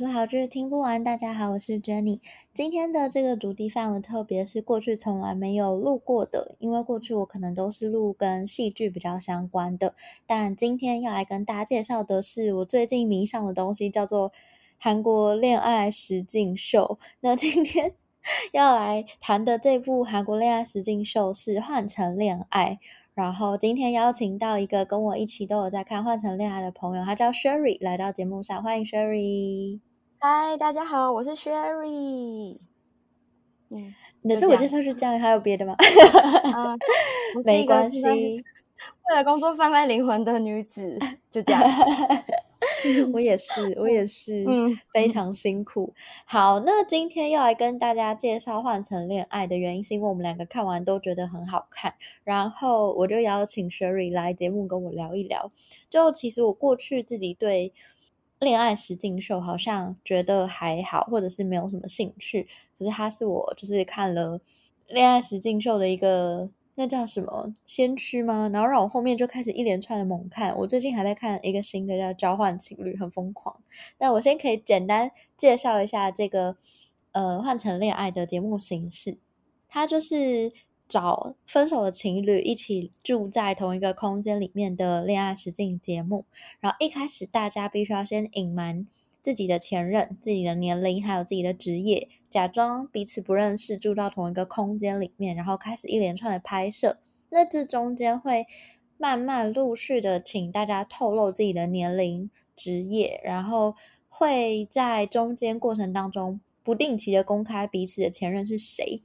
好書好劇聽不完，大家好，我是 Jenny。今天的這個主題非常的特別，是過去從來沒有錄過的，因為過去我可能都是錄跟戲劇比較相關的。但今天要來跟大家介紹的是我最近迷上的東西，叫做《韓國戀愛實境秀》。那今天要來談的這部《韓國戀愛實境秀》是《換乘戀愛》，然後今天邀請到一個跟我一起都有在看《換乘戀愛》的朋友，他叫 Sherry，來到節目上，歡迎 Sherry。嗨，大家好，我是 Sherry。嗯，你的自我介紹是這樣，還有別的嗎？嗯、 沒關係，為了工作販賣靈魂的女子就這樣。我也是，我也是，嗯， 非常辛苦。好，那今天要來跟大家介紹換乘戀愛的原因，是因為我們兩個看完都覺得很好看，然後我就邀請 Sherry 來節目跟我聊一聊。就其實我過去自己對。戀愛實境秀好像覺得還好，或者是沒有什麼興趣。可是他是我，就是看了戀愛實境秀的一個，那叫什麼，先驅嗎？然後讓我後面就開始一連串的猛看。我最近還在看一個新的叫交換情侶，很瘋狂。但我先可以簡單介紹一下這個，呃，換乘戀愛的節目形式，它就是。找分手的情侶一起住在同一個空間裡面的戀愛實境節目，然後一開始大家必須要先隱瞞自己的前任、自己的年齡還有自己的職業，假裝彼此不認識，住到同一個空間裡面，然後開始一連串的拍攝。那這中間會慢慢陸續的請大家透露自己的年齡、職業，然後會在中間過程當中不定期的公開彼此的前任是誰。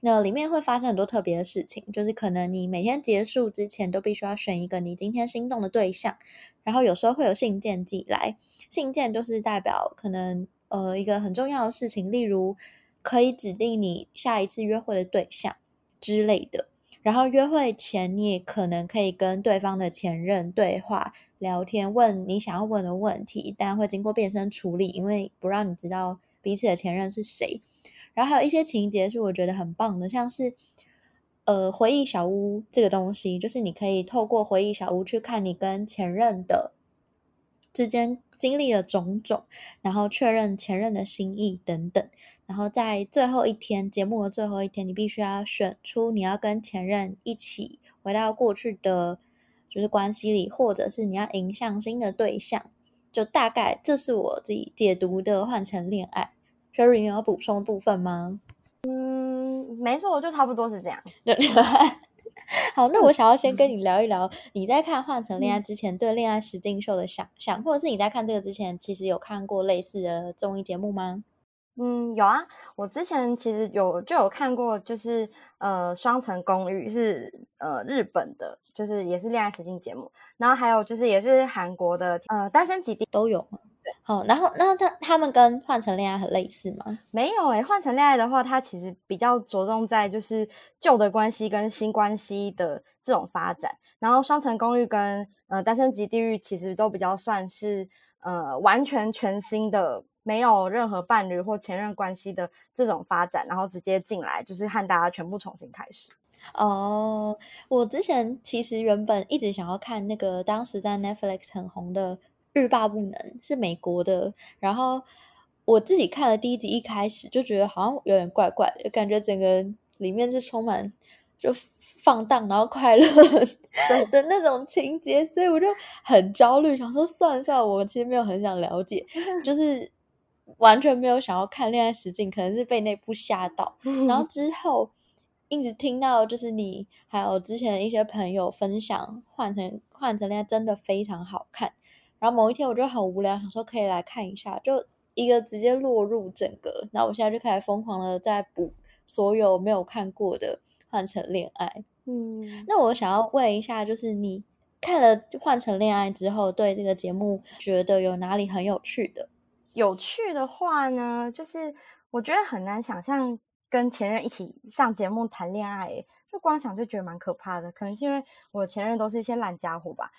那裡面會發生很多特別的事情，就是可能你每天結束之前都必須要選一個你今天心動的對象，然後有時候會有信件寄來，信件就是代表可能呃一個很重要的事情，例如可以指定你下一次約會的對象之類的。然後約會前你也可能可以跟對方的前任對話聊天，問你想要問的問題，但會經過變聲處理，因為不讓你知道彼此的前任是誰。然後還有一些情節是我覺得很棒的，像是，呃，回憶小屋這個東西，就是你可以透過回憶小屋去看你跟前任的之間經歷了種種，然後確認前任的心意等等。然後在最後一天，節目的最後一天，你必須要選出你要跟前任一起回到過去的，就是關係裡，或者是你要迎向新的對象。就大概這是我自己解讀的，換乘戀愛。跟人有補充部分嗎？嗯，沒錯，我就差不多是這樣。 好，那我想要先跟你聊一聊，你在看《換成戀愛》換乘戀愛之前對戀愛實境秀的想象、嗯，或者是你在看這個之前，其實有看過類似的綜藝節目嗎？嗯，有啊，我之前其實有就有看過，就是呃，雙層公寓是呃日本的，就是也是戀愛實境節目，然後還有就是也是韓國的，呃，單身基地都有。好、哦，然後，那他他們跟換乘戀愛很類似嗎？沒有誒、欸，換乘戀愛的話，它其實比較着重在就是舊的關係跟新關係的這種發展。然後，雙層公寓跟呃單身即地獄其實都比較算是呃完全全新的，沒有任何伴侶或前任關係的這種發展，然後直接進來就是和大家全部重新開始。哦，我之前其實原本一直想要看那個當時在 Netflix 很紅的。欲罷不能是美國的，然後我自己看了第一集，一開始就覺得好像有點怪怪的，感覺整個裡面是充滿就放蕩然後快樂的， 的那種情節，所以我就很焦慮，想說算了，算我其實沒有很想了解，就是完全沒有想要看戀愛實境，可能是被那部嚇到。 然後之後一直聽到就是你還有之前一些朋友分享，換乘換乘戀愛真的非常好看。然後某一天我就很無聊，想說可以來看一下，就一個直接落入整個。然後我現在就開始瘋狂的在補所有沒有看過的《換乘戀愛》。嗯，那我想要問一下，就是你看了《換乘戀愛》之後，對這個節目覺得有哪裡很有趣的？有趣的話呢，就是我覺得很難想象跟前任一起上節目談戀愛，欸，就光想就覺得蠻可怕的。可能是因為我前任都是一些爛家伙吧。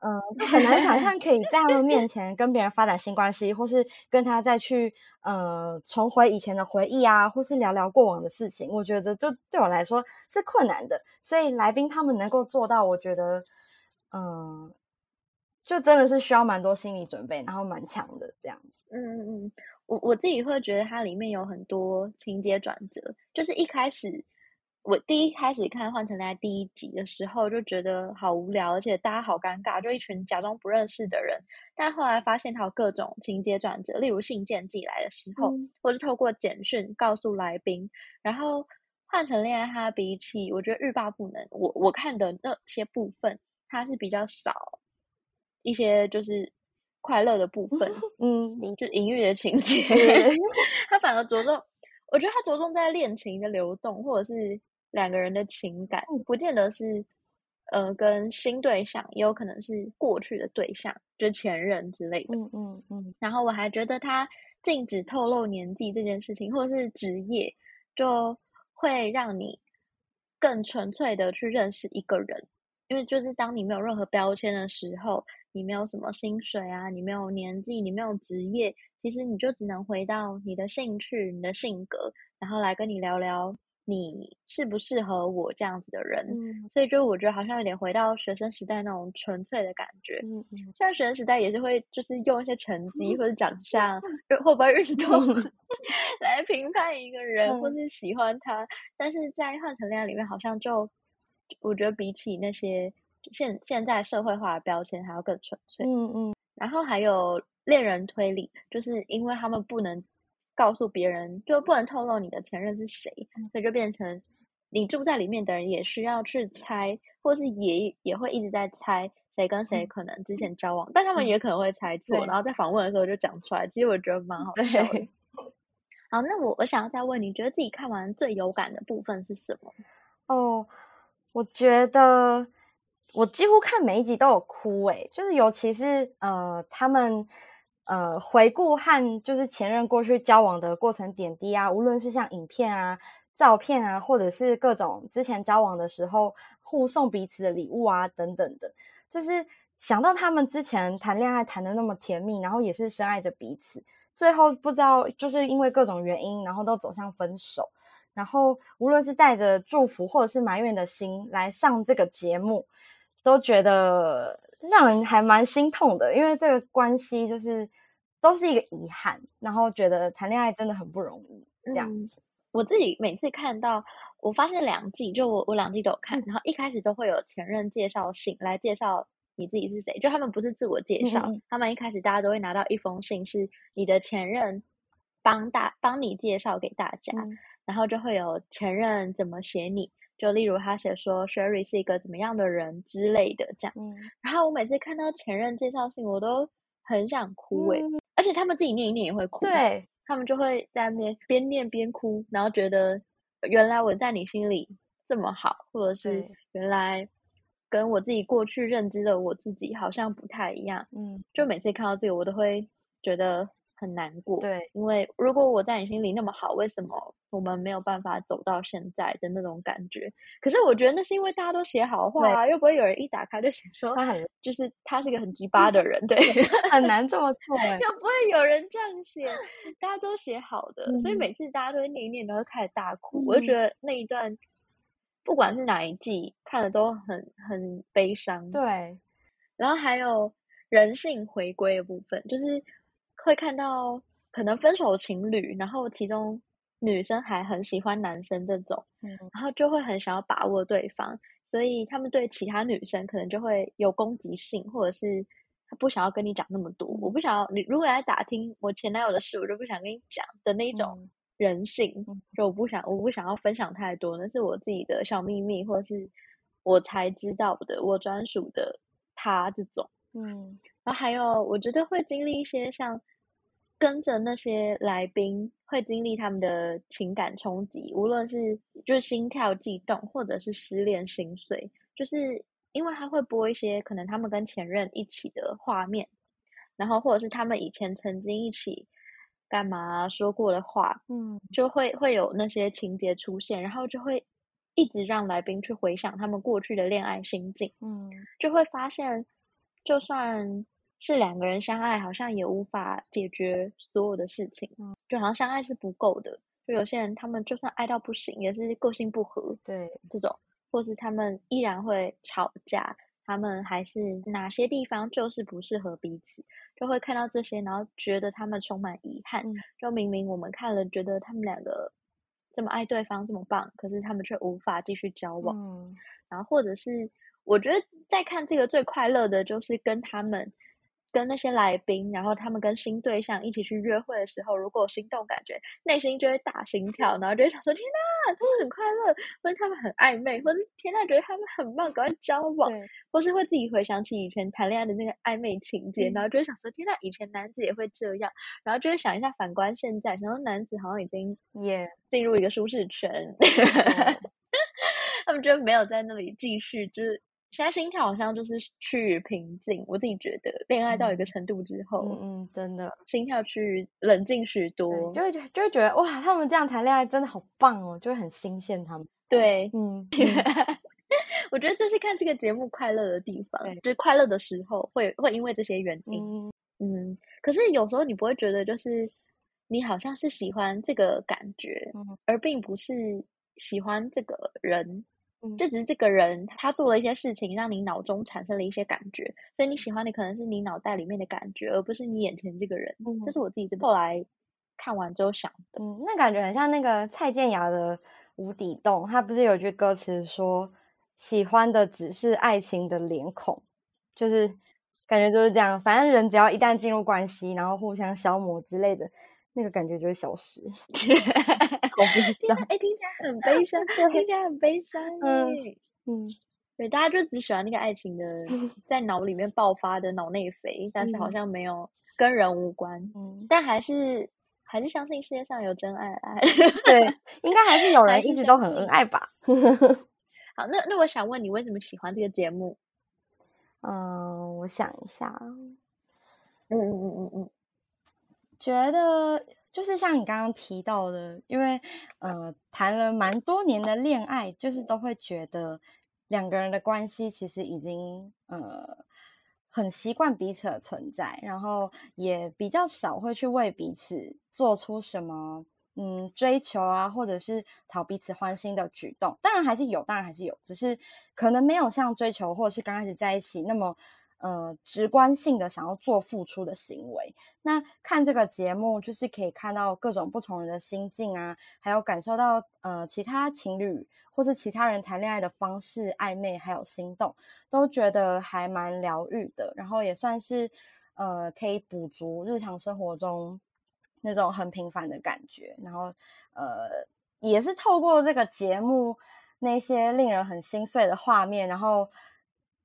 呃，很難想象可以在他們面前跟別人發展新關係， 或是跟他再去呃重回以前的回憶啊，或是聊聊過往的事情。我覺得，就對我來說是困難的。所以，來賓他們能夠做到，我覺得，嗯、呃，就真的是需要蠻多心理準備，然後蠻強的這樣子。嗯嗯嗯，我我自己會覺得它裡面有很多情節轉折，就是一開始。我第一開始看《換乘戀愛》第一集的時候就覺得好無聊，而且大家好尷尬，就一群假裝不認識的人。但後來發現他有各種情節轉折，例如信件寄來的時候，或是透過簡訊告訴來賓、嗯。然後《換乘戀愛》他比起我覺得欲罷不能。我我看的那些部分，他是比較少一些，就是快樂的部分，嗯，就隱喻的情節。嗯、 他反而着重，我覺得他着重在戀情的流動，或者是。兩個人的情感不見得是，呃，跟新對象，也有可能是過去的對象，就是前任之類的。嗯嗯嗯。然後我還覺得他禁止透露年紀這件事情，或是職業，就會讓你更純粹的去認識一個人。因為就是當你沒有任何標籤的時候，你沒有什麼薪水啊，你沒有年紀，你沒有職業，其實你就只能回到你的興趣、你的性格，然後來跟你聊聊。你適不適合我這樣子的人，嗯？所以就我覺得好像有點回到學生時代那種純粹的感覺，嗯嗯。像學生時代也是會就是用一些成績或者長相，會、嗯、會不會運動、嗯、來評判一個人、嗯，或是喜歡他。但是在換乘戀愛裡面，好像就我覺得比起那些現現在社會化的標籤還要更純粹。嗯嗯。然後還有戀人推理，就是因為他們不能。告訴別人就不能透露你的前任是誰，所以就變成你住在裡面的人也需要去猜，或是也也會一直在猜誰跟誰可能之前交往，嗯，但他們也可能會猜錯、嗯。然後在訪問的時候就講出來，其實我覺得蠻好笑的對。好，那我我想要再問你，你覺得自己看完最有感的部分是什麼？哦，我覺得我幾乎看每一集都有哭誒，就是尤其是呃他們。呃，回顧和就是前任過去交往的過程點滴啊，無論是像影片啊、照片啊，或者是各種之前交往的時候互送彼此的禮物啊，等等的，就是想到他們之前談戀愛談得那麼甜蜜，然後也是深愛着彼此，最後不知道就是因為各種原因，然後都走向分手，然後無論是帶着祝福或者是埋怨的心來上這個節目，都覺得。讓人還蠻心痛的，因為這個關係就是都是一個遺憾，然後覺得談戀愛真的很不容易。這樣子。嗯，我自己每次看到，我發現兩季就我我兩季都有看。嗯，然後一開始都會有前任介紹信來介紹你自己是誰，就他們不是自我介紹，嗯嗯，他們一開始大家都會拿到一封信，是你的前任幫大幫你介紹給大家。嗯，然後就會有前任怎麼寫你。就例如他寫說，Sherry 是一個怎麼樣的人之類的這樣。嗯、然後我每次看到前任介紹信，我都很想哭誒、欸嗯、而且他們自己念一念也會哭、啊，對，他們就會在那邊邊念邊哭，然後覺得原來我在你心裡這麼好，或者是原來跟我自己過去認知的我自己好像不太一樣。嗯，就每次看到這個，我都會覺得很難過。對，因為如果我在你心裡那麼好，為什麼？我們沒有辦法走到現在的那種感覺，可是我覺得那是因為大家都寫好話、啊，又不會有人一打開就寫說他很就是他是一個很奇葩的人、嗯，對，很難這麼痛，又不會有人這樣寫，大家都寫好的， 嗯、所以每次大家都會念一念，都會開始大哭、嗯，我就覺得那一段不管是哪一季看的都很很悲傷，對，然後還有人性回歸的部分，就是會看到可能分手情侶，然後其中。女生還很喜歡男生這種、嗯，然後就會很想要把握對方，所以他們對其他女生可能就會有攻擊性，或者是他不想要跟你講那麼多。我不想要你，如果來打聽我前男友的事，我就不想跟你講的那種人性、嗯，就我不想我不想要分享太多，那是我自己的小祕密，或者是我才知道的，我專屬的他這種。嗯，然後還有，我覺得會經歷一些像。跟着那些來賓會經歷他們的情感衝擊，無論是就是心跳悸動，或者是失戀心碎，就是因為他會播一些可能他們跟前任一起的畫面，然後或者是他們以前曾經一起幹嘛說過的話，嗯，就會會有那些情節出現，然後就會一直讓來賓去回想他們過去的戀愛心境，嗯，就會發現就算。是兩個人相愛，好像也無法解決所有的事情。嗯，就好像相愛是不夠的。就有些人，他們就算愛到不行，也是個性不合，對這種，或是他們依然會吵架，他們還是哪些地方就是不適合彼此，就會看到這些，然後覺得他們充滿遺憾。嗯，就明明我們看了，覺得他們兩個這麼愛對方，這麼棒，可是他們卻無法繼續交往。嗯，然後，或者是我覺得在看這個最快樂的，就是跟他們。跟那些來賓，然後他們跟新對象一起去約會的時候，如果有心動感覺，內心就會打心跳，然後就會想說：天吶他們很快樂；或者他們很曖昧；或者天吶覺得他們很棒趕快交往；或是會自己回想起以前談戀愛的那個曖昧情節，嗯、然後就會想說：天吶以前男子也會這樣。然後就會想一下，反觀現在，然後男子好像已經也進入一個舒適圈，yeah. 他們就沒有在那裡繼續，就是。現在心跳好像就是趨於平靜，我自己覺得戀愛到一個程度之後，嗯，嗯真的心跳趨於冷靜許多，就會覺就會覺得哇，他們這樣談戀愛真的好棒哦，就會很新鮮他們。對，嗯， 嗯 我覺得這是看這個節目快樂的地方，對就是，快樂的時候會會因為這些原因嗯，嗯，可是有時候你不會覺得就是你好像是喜歡這個感覺，嗯、而並不是喜歡這個人。就只是這個人，他做了一些事情，讓你腦中產生了一些感覺，所以你喜歡的可能是你腦袋裡面的感覺，而不是你眼前這個人。嗯，這是我自己後來看完之後想的。嗯，那感覺很像那個蔡健雅的《無底洞》，他不是有句歌詞說“喜歡的只是愛情的臉孔”，就是感覺就是這樣。反正人只要一旦進入關係，然後互相消磨之類的。那個感覺就會消失，好悲傷，哎，聽起來很悲傷， 對，聽起來很悲傷，嗯嗯，對，大家就只喜歡那個愛情的，在腦裡面爆發的腦內啡，但是好像沒有跟人無關，嗯，但還是還是相信世界上有真愛，愛，對，應該還是有人一直都很恩愛吧。 好，那那我想問你，為什麼喜歡這個節目？嗯、呃，我想一下，嗯嗯嗯嗯嗯。覺得就是像你剛剛提到的，因為呃談了蠻多年的戀愛，就是都會覺得兩個人的關係其實已經呃很習慣彼此的存在，然後也比較少會去為彼此做出什麼嗯追求啊，或者是討彼此歡心的舉動。當然還是有，當然還是有，只是可能沒有像追求，或者是剛開始在一起那麼。呃，直觀性的想要做付出的行為，那看這個節目就是可以看到各種不同人的心境啊，還有感受到呃其他情侶或是其他人談戀愛的方式、曖昧還有心動，都覺得還蠻療癒的。然後也算是呃可以補足日常生活中那種很平凡的感覺。然後呃也是透過這個節目那些令人很心碎的畫面，然後。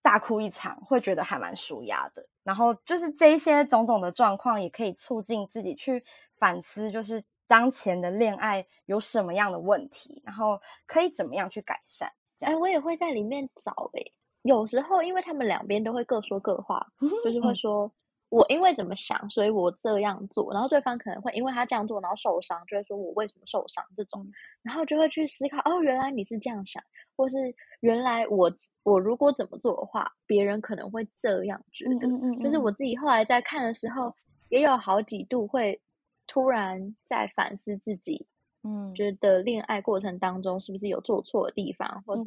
大哭一場，會覺得還蠻舒壓的。然後就是這一些種種的狀況，也可以促進自己去反思，就是當前的戀愛有什麼樣的問題，然後可以怎麼樣去改善。哎，我也會在裡面找欸，有時候因為他們兩邊都會各說各話，就是會說。嗯我因為怎麼想，所以我這樣做，然後對方可能會因為他這樣做，然後受傷，就會說我為什麼受傷這種，然後就會去思考，哦，原來你是這樣想，或是原來我我如果怎麼做的話，別人可能會這樣覺得。嗯嗯嗯嗯，就是我自己後來在看的時候，嗯，也有好幾度會突然在反思自己，嗯，覺得戀愛過程當中是不是有做錯的地方，或是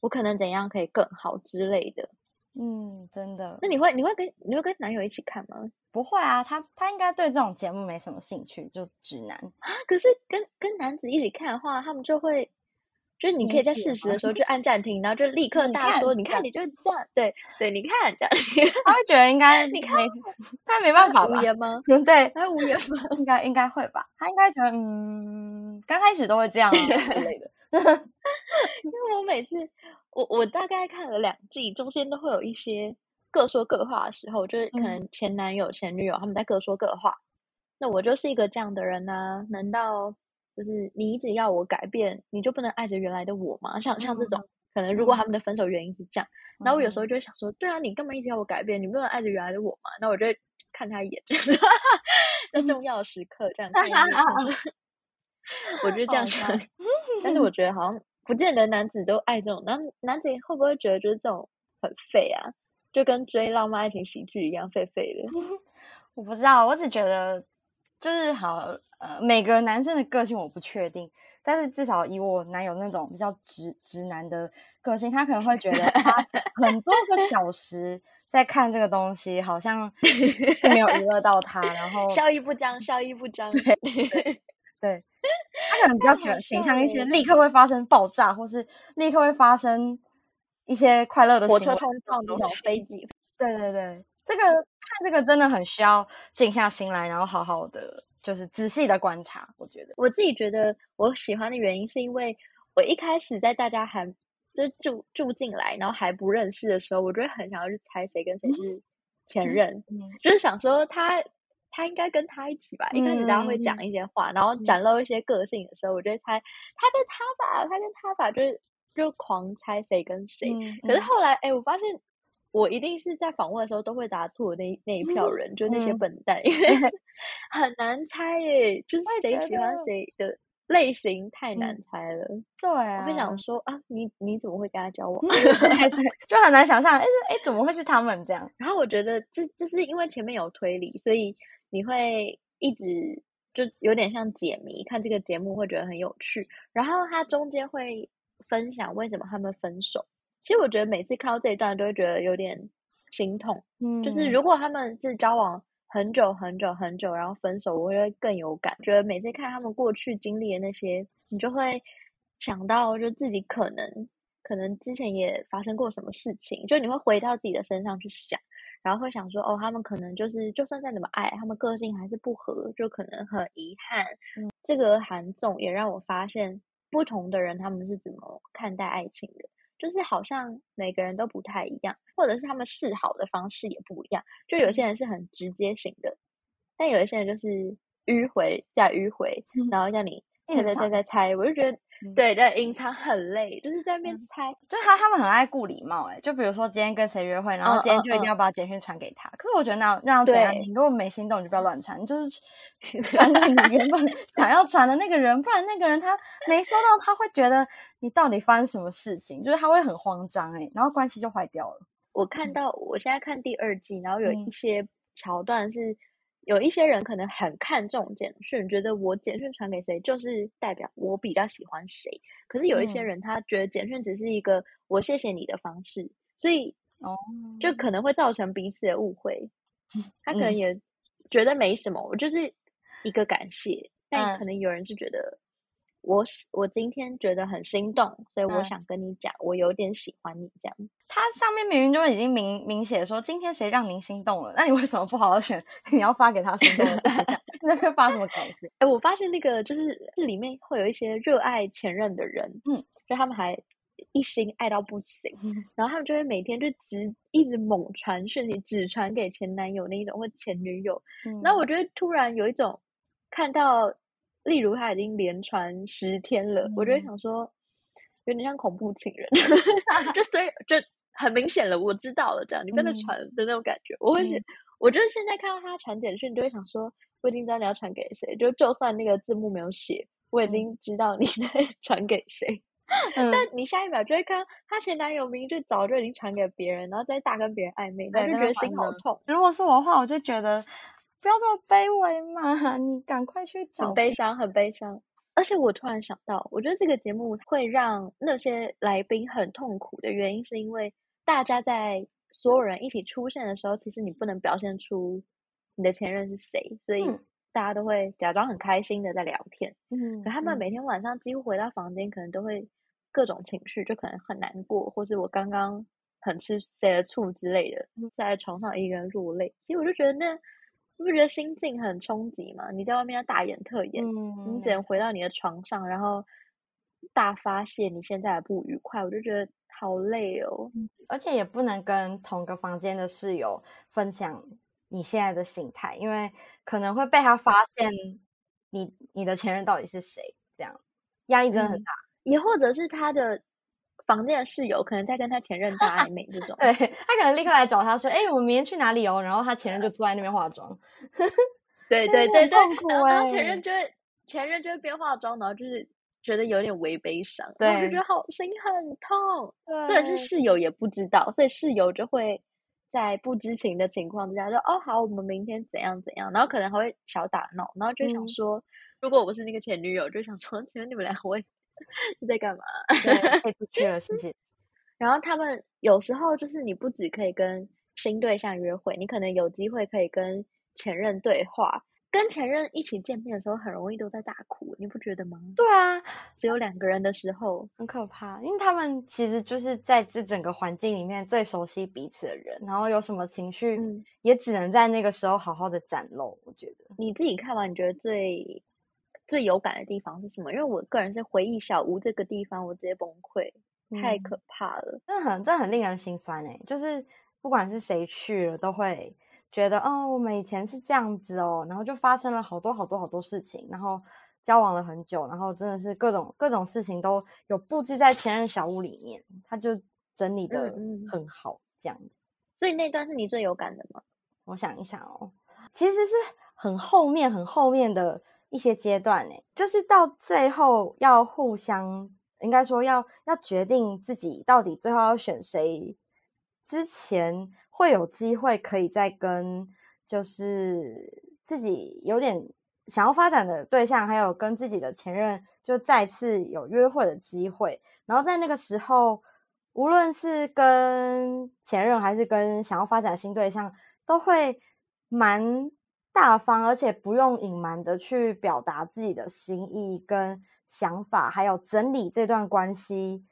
我可能怎樣可以更好之類的。嗯，真的。那你會，你會跟你會跟男友一起看嗎？不會啊，他他應該對這種節目沒什麼興趣，就直男、啊、可是跟跟男子一起看的話，他們就會，就是你可以在適時的時候就按暫停，然後就立刻大說：“看你看，你就這樣。”對對，對，你看這樣，他會覺得應該沒他也沒辦法吧無言嗎？對，他無言嗎？應該應該會吧？他應該覺得嗯，剛開始都會這樣、啊、 對的 因為我每次。我我大概看了兩季，中間都會有一些各說各話的時候，就是可能前男友、前女友他們在各說各話。嗯、那我就是一個這樣的人呢、啊？難道就是你一直要我改變，你就不能愛着原來的我嗎？像像這種，可能如果他們的分手原因是這樣、嗯，然後我有時候就會想說，對啊，你幹嘛一直要我改變？你不能愛着原來的我嗎？那我就會看他一眼，哈哈、嗯、 在重要的時刻這樣子。嗯、 我就是這樣想，但是我覺得好像。不見得男子，都愛這種男男子，會不會覺得就是這種很廢啊？就跟追浪漫愛情喜劇一樣廢廢的？嗯，我不知道，我只覺得就是好，呃，每個男生的個性我不確定，但是至少以我男友那種比較直直男的個性，他可能會覺得他很多個小時在看這個東西， 好像並沒有娛樂到他，然後笑意不張，笑意不張，對。對 他可能比較喜歡形象一些，立刻會發生爆炸， 或是立刻會發生一些快樂的火車衝撞、鳥飛機。對對對，這個看這個真的很需要靜下心來，然後好好的就是仔細的觀察。我覺得我自己覺得我喜歡的原因，是因為我一開始在大家還就住住進來，然後還不認識的時候，我就會很想要去猜誰跟誰是前任、 嗯嗯，就是想說他。他應該跟他一起吧。一開始大家會講一些話、嗯，然後展露一些個性的時候，嗯、我就會猜他跟他吧，他跟他吧，就是就狂猜誰跟誰、嗯。可是後來，哎、嗯欸，我發現我一定是在訪問的時候都會答錯那那一票人，嗯、就那些笨蛋、嗯，因為很難猜耶、欸嗯，就是誰喜歡誰的類型太難猜了。嗯、對、啊，我就想說啊，你你怎麼會跟他交往？ 就很難想象，哎、欸欸、怎麼會是他們這樣？然後我覺得這這、就是因為前面有推理，所以，你會一直就有點像解謎，看這個節目會覺得很有趣。然後他中間會分享為什麼他們分手。其實我覺得每次看到這一段都會覺得有點心痛。嗯，就是如果他們是交往很久很久很久，然後分手，我會覺得更有感。覺得每次看他們過去經歷的那些，你就會想到，就自己可能可能之前也發生過什麼事情，就你會回到自己的身上去想。然後會想說，哦，他們可能就是，就算再怎麼愛，他們個性還是不合，就可能很遺憾。嗯、這個韓綜也讓我發現，不同的人他們是怎麼看待愛情的，就是好像每個人都不太一樣，或者是他們示好的方式也不一樣。就有些人是很直接型的，但有一些人就是迂回再迂回，嗯、然後讓你猜猜猜猜猜，我就覺得。對、嗯、對，隱藏很累，就是在那邊猜。嗯、就他他們很愛顧禮貌、欸，誒，就比如說今天跟誰約會，然後今天就一定要把簡訊傳給他。Oh, oh, oh. 可是我覺得那那樣怎樣？你如果沒心動，你就不要亂傳，就是傳給你原本想要傳的那個人。 不然那個人他沒收到，他會覺得你到底發生什麼事情，就是他會很慌張、欸，誒，然後關係就壞掉了。我看到、嗯、我現在看第二季，然後有一些橋段是。有一些人可能很看重簡訊，覺得我簡訊傳給誰，就是代表我比較喜歡誰。可是有一些人，他覺得簡訊只是一個我謝謝你的方式，嗯、所以哦，就可能會造成彼此的誤會。他可能也覺得沒什麼，我、嗯、就是一個感謝。但可能有人是覺得。我我今天覺得很心動，所以我想跟你講、嗯，我有點喜歡你這樣，他上面明明就已經明明寫說今天誰讓您心動了，那你為什麼不好好選？你要發給他什麼？ 那邊發什麼感情？哎、欸，我發現那個就是這裡面會有一些熱愛前任的人，嗯，就他們還一心愛到不行，嗯、然後他們就會每天就直一直猛傳訊息，只傳給前男友那一種或前女友。那、嗯、我覺得突然有一種看到。例如他已經連傳十天了，嗯、我就會想說有點像恐怖情人， 就所以就很明顯了，我知道了，這樣你真的傳的那種感覺，嗯、我會是，我就是現在看到他傳簡訊，你就會想說我已經知道你要傳給誰，就就算那個字幕沒有寫，嗯、我已經知道你在傳給誰。嗯、但你下一秒就會看到他前男友名就早就已經傳給別人，然後再大跟別人曖昧，嗯、但就覺得心好痛。如果是我的話，我就覺得。嗯不要這麼卑微嘛！你趕快去找。很悲傷，很悲傷。而且我突然想到，我覺得這個節目會讓那些來賓很痛苦的原因，是因為大家在所有人一起出現的時候、嗯，其實你不能表現出你的前任是誰，所以大家都會假裝很開心的在聊天。嗯。可他們每天晚上幾乎回到房間，可能都會各種情緒，就可能很難過，或是我剛剛很吃誰的醋之類的，在床上一個人落淚。其實我就覺得那。你不覺得心境很衝擊嗎？你在外面要大演特演，嗯，你只能回到你的床上，然後大發洩你現在的不愉快。我就覺得好累哦，而且也不能跟同個房間的室友分享你現在的心態，因為可能會被他發現你、嗯、你的前任到底是誰，這樣壓力真的很大，嗯。也或者是他的。房間的室友可能在跟他前任在曖昧這種，啊、對他可能立刻來找他說：“哎、欸，我們明天去哪裡哦？”然後他前任就坐在那邊化妝。對對、啊、對 對，對對對對痛苦啊、欸、前任就會，前任就會邊化妝，然後就是覺得有點微悲傷，然後就覺得好心很痛。對，但是室友也不知道，所以室友就會在不知情的情況之下說：“哦，好，我們明天怎樣怎樣。”然後可能還會小打鬧，然後就想說、嗯：“如果我是那個前女友，就想說，前面你們兩位。” 你在幹幹嘛？配對去了，是不是？然後他們有時候就是，你不止可以跟新對象約會，你可能有機會可以跟前任對話。跟前任一起見面的時候，很容易都在大哭，你不覺得嗎？對啊，只有兩個人的時候很可怕，因為他們其實就是在這整個環境裡面最熟悉彼此的人，然後有什麼情緒、嗯、也只能在那個時候好好的展露。我覺得你自己看完，你覺得最……最有感的地方是什麼？因為我個人在回憶小屋這個地方，我直接崩潰、嗯，太可怕了。真的很，真的很令人心酸呢、欸。就是不管是誰去了，都會覺得哦，我們以前是這樣子哦。然後就發生了好多好多好多事情，然後交往了很久，然後真的是各種各種事情都有布置在前任小屋裡面，他就整理得很好這樣、嗯、所以那段是你最有感的嗎？我想一想哦，其實是很後面，很後面的。一些階段呢、欸，就是到最後要互相，應該說要要決定自己到底最後要選誰。之前會有機會可以再跟，就是自己有點想要發展的對象，還有跟自己的前任，就再次有約會的機會。然後在那個時候，無論是跟前任還是跟想要發展的新對象，都會蠻。大方，而且不用隱瞞的去表達自己的心意跟想法，還有整理這段關係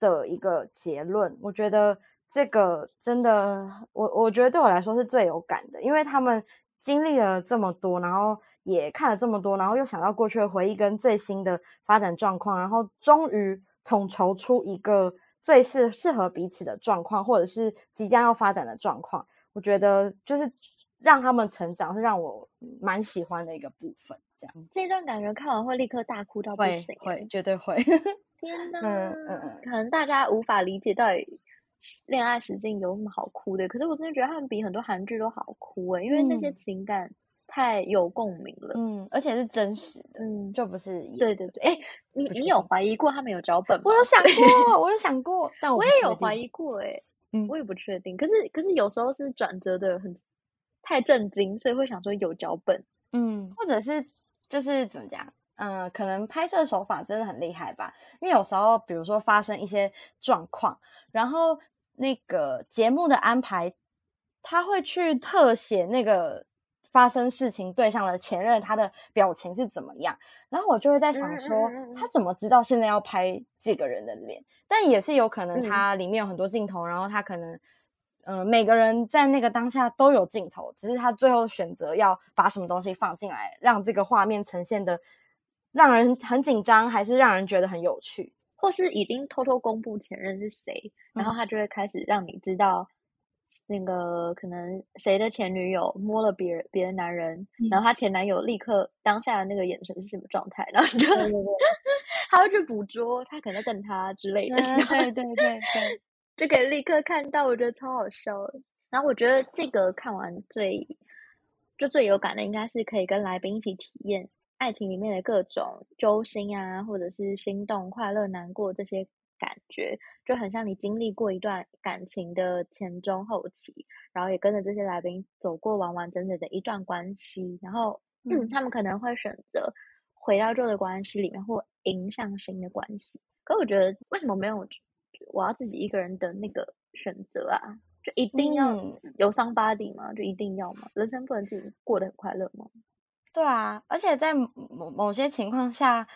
的一個結論。我覺得這個真的，我我覺得對我來說是最有感的，因為他們經歷了這麼多，然後也看了這麼多，然後又想到過去的回憶跟最新的發展狀況，然後終於統籌出一個最適適合彼此的狀況，或者是即將要發展的狀況。我覺得就是。讓他們成長是讓我蠻喜歡的一個部分。這樣，這段感覺看完會立刻大哭到不行，會，會絕對會。 天吶、啊，嗯嗯嗯，可能大家無法理解到底戀愛實境有什麼好哭的？可是我真的覺得他們比很多韓劇都好哭哎，欸，因為那些情感太有共鳴了嗯，嗯，而且是真實的，嗯，就不是。對對對，哎、欸，你你有懷疑過他們有腳本嗎？我有想過， 我有想過，但我，我也有懷疑過，欸，哎，我也不確定，嗯。可是可是有時候是轉折的很。太震驚，所以會想說有腳本，嗯，或者是就是怎麼講，嗯、呃，可能拍攝手法真的很厲害吧。因為有時候，比如說發生一些狀況，然後那個節目的安排，他會去特寫那個發生事情對象的前任，他的表情是怎麼樣。然後我就會在想說，嗯嗯嗯，他怎麼知道現在要拍這個人的臉？但也是有可能，他裡面有很多鏡頭，嗯、然後他可能。嗯，每個人在那個當下都有鏡頭，只是他最後選擇要把什麼東西放進來，讓這個畫面呈現得讓人很緊張，還是讓人覺得很有趣，或是已經偷偷公布前任是誰，嗯，然後他就會開始讓你知道那個可能誰的前女友摸了別人別、嗯、的男人，然後他前男友立刻當下的那個眼神是什麼狀態，然後就對對對 他會去捕捉他可能在瞪他之類的， 對對對對。 就可以立刻看到，我覺得超好笑。然後我覺得這個看完最就最有感的，應該是可以跟來賓一起體驗愛情裡面的各種揪心啊，或者是心動、快樂、難過這些感覺，就很像你經歷過一段感情的前中後期，然後也跟着這些來賓走過完完整整的一段關係。然後，嗯，嗯他們可能會選擇回到舊的關係裡面，或迎向新的關係。可我覺得為什麼沒有？我要自己一個人的那個選擇啊，就一定要有 somebody 嗎、嗯？就一定要嗎？人生不能自己過得很快樂嗎？對啊，而且在某某些情況下，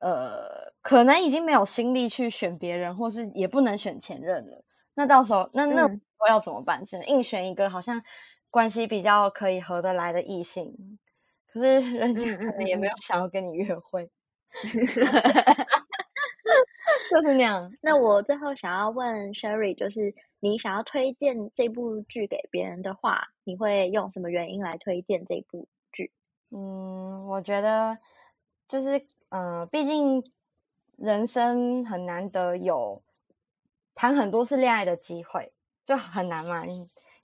呃，可能已經沒有心力去選別人，或是也不能選前任了。那到時候，那那我要怎麼辦？只、嗯、能硬選一個好像關係比較可以合得來的異性，可是人家可能也沒有想要跟你約會。 就是那樣。那我最後想要問 Sherry，就是你想要推薦這部劇給別人的話，你會用什麼原因來推薦這部劇？嗯，我覺得就是，嗯、呃，畢竟人生很難得有談很多次戀愛的機會，就很難嘛。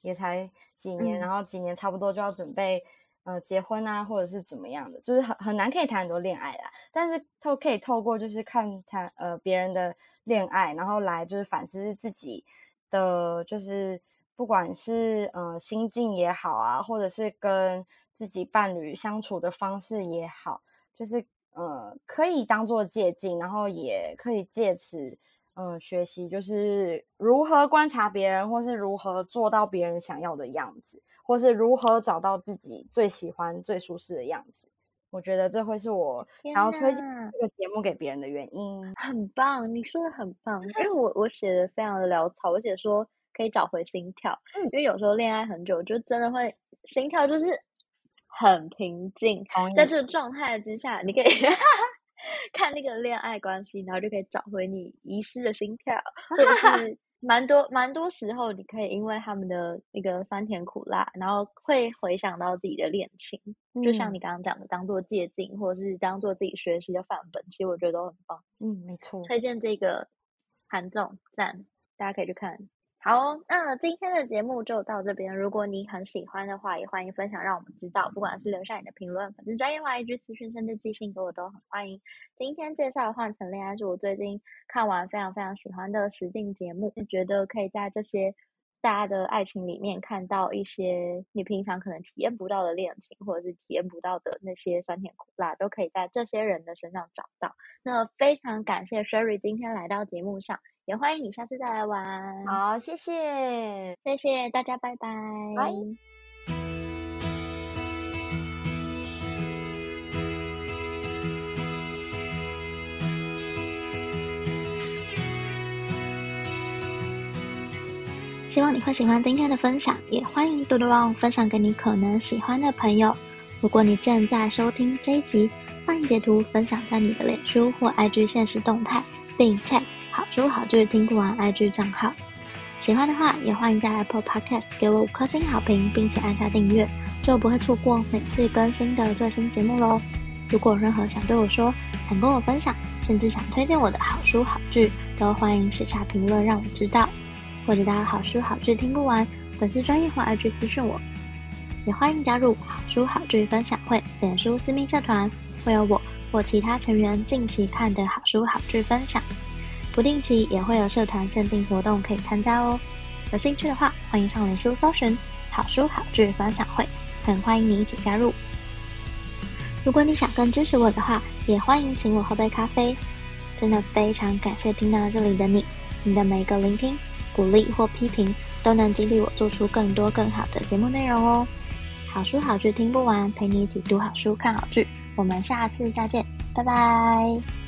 也才幾年，嗯、然後幾年差不多就要準備。呃、嗯，結婚啊，或者是怎麼樣的，就是很很難可以談很多戀愛啦。但是透可以透過就是看談呃別人的戀愛，然後來就是反思自己的，就是不管是呃心境也好啊，或者是跟自己伴侶相處的方式也好，就是呃可以當做借鑑，然後也可以借此。嗯，學習就是如何觀察別人，或是如何做到別人想要的樣子，或是如何找到自己最喜歡、最舒適的樣子。我覺得這會是我想要推薦這個節目給別人的原因。很棒，你說的很棒。 因為我我寫的非常的潦草，我寫說可以找回心跳。嗯，因為有時候戀愛很久就真的會心跳，就是很平靜，在這個狀態之下，你可以。 看那個戀愛關係，然後就可以找回你遺失的心跳，或 者是蠻多蠻多時候，你可以因為他們的那個酸甜苦辣，然後會回想到自己的戀情，嗯、就像你剛剛講的，當做借鏡，或者是當做自己學習的範本，其實我覺得都很棒。嗯，沒錯，推薦這個韓綜，讚，大家可以去看。好，那今天的節目就到這邊。如果你很喜歡的話，也歡迎分享，讓我們知道。不管是留下你的評論、粉絲專頁話一句私訊，甚至寄信給我都很歡迎。今天介紹的換乘戀愛，是我最近看完非常非常喜歡的實境節目，覺得可以在這些大家的愛情裡面看到一些你平常可能體驗不到的戀情，或者是體驗不到的那些酸甜苦辣，都可以在這些人的身上找到。那非常感謝 Sherry 今天來到節目上。也歡迎你下次再來玩。好，謝謝，謝謝大家，拜拜。Bye. 希望你會喜歡今天的分享，也歡迎多多幫我分享給你可能喜歡的朋友。如果你正在收聽這一集，歡迎截圖分享在你的臉書或 IG 限時動態，並 t 好書好劇聽不完 IG 賬號喜歡的話也歡迎在 Apple Podcast 給我五顆星好評，並且按下訂閱，就不會錯過每次更新的最新節目嘍。如果任何想對我說、想跟我分享，甚至想推薦我的好書好劇，都歡迎寫下評論讓我知道，或者大家好書好劇聽不完粉絲專頁或 IG 私訊我。也歡迎加入好書好劇分享會臉書私密社團，會有我或其他成員近期看的好書好劇分享。不定期也會有社團限定活動可以參加哦，有興趣的話歡迎上臉書搜尋“好書好劇分享會”，很歡迎你一起加入。如果你想更支持我的話，也歡迎請我喝杯咖啡。真的非常感謝聽到這裡的你，你的每一個聆聽、鼓勵或批評，都能激勵我做出更多更好的節目內容哦。好書好劇聽不完，陪你一起讀好書、看好劇，我們下次再見，拜拜。